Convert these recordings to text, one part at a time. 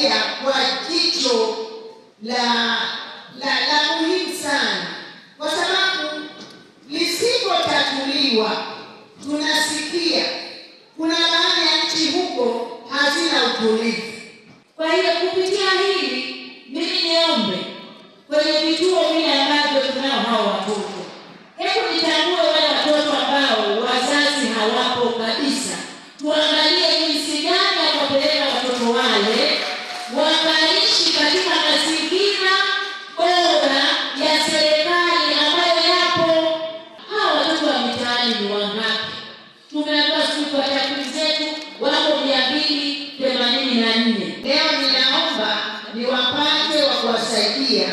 kuangalia kwa jicho la la, la muhimu sana, kwa sababu lisipotatuliwa tunasikia kuna baadhi ya nchi huko hazina utulivu. Kwa hiyo kupitia hili mimi niombe kwenye vituo vile ambavyo tunao hao watoto, hebu nitambue wale watoto ambao wazazi hawapo wakaishi katika mazingira bora ya serikali ambayo yapo. Hawa watoto wa mitaani ni wangapi? Tumeambiwa siku kwa takwimu zetu wako mia mbili themanini na nne. Leo ninaomba niwapate wa kuwasaidia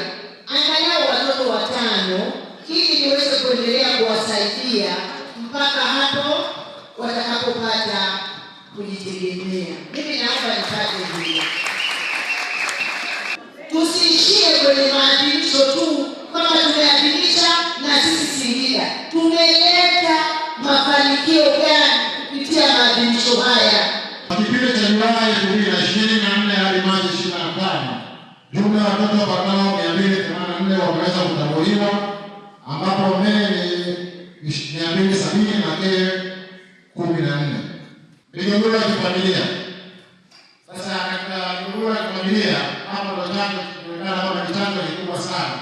angalau watoto watano ili niweze kuendelea kuwasaidia mpaka hapo watakapopata kujitegemea. Mimi naomba nipate hiyo. kipindi cha Julai elfu mbili na ishirini na nne hadi Machi ishirini na tano jumla ya watoto wapatao mia mbili themanini na nne wameweza kutambuliwa ambapo mee ni mia mbili sabini na kee kumi na nne. Migogoro ya kifamilia. Sasa katika migogoro ya kifamilia hapo ndo chanzo kinaonekana kama ni chanzo kikubwa sana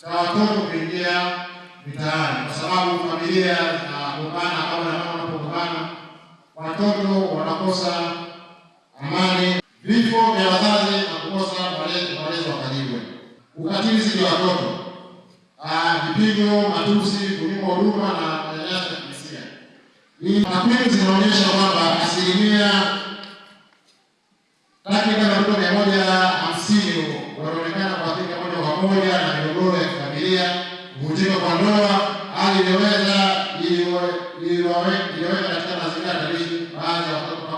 cha watoto kuingia mitaani, kwa sababu familia zinagombana, kama na mama wanapogombana watoto wanakosa Ukatili dhidi ya watoto, ah, vipigo, matusi, kunyimwa huruma na manyanyaso ya kijinsia. Takwimu zinaonyesha kwamba asilimia takriban watoto mia moja hamsini wanaonekana kuathirika moja kwa moja na migogoro ya kifamilia, kuvunjika kwa ndoa, hali iliyoweza iliyoweka katika mazingira hatarishi baadhi ya watoto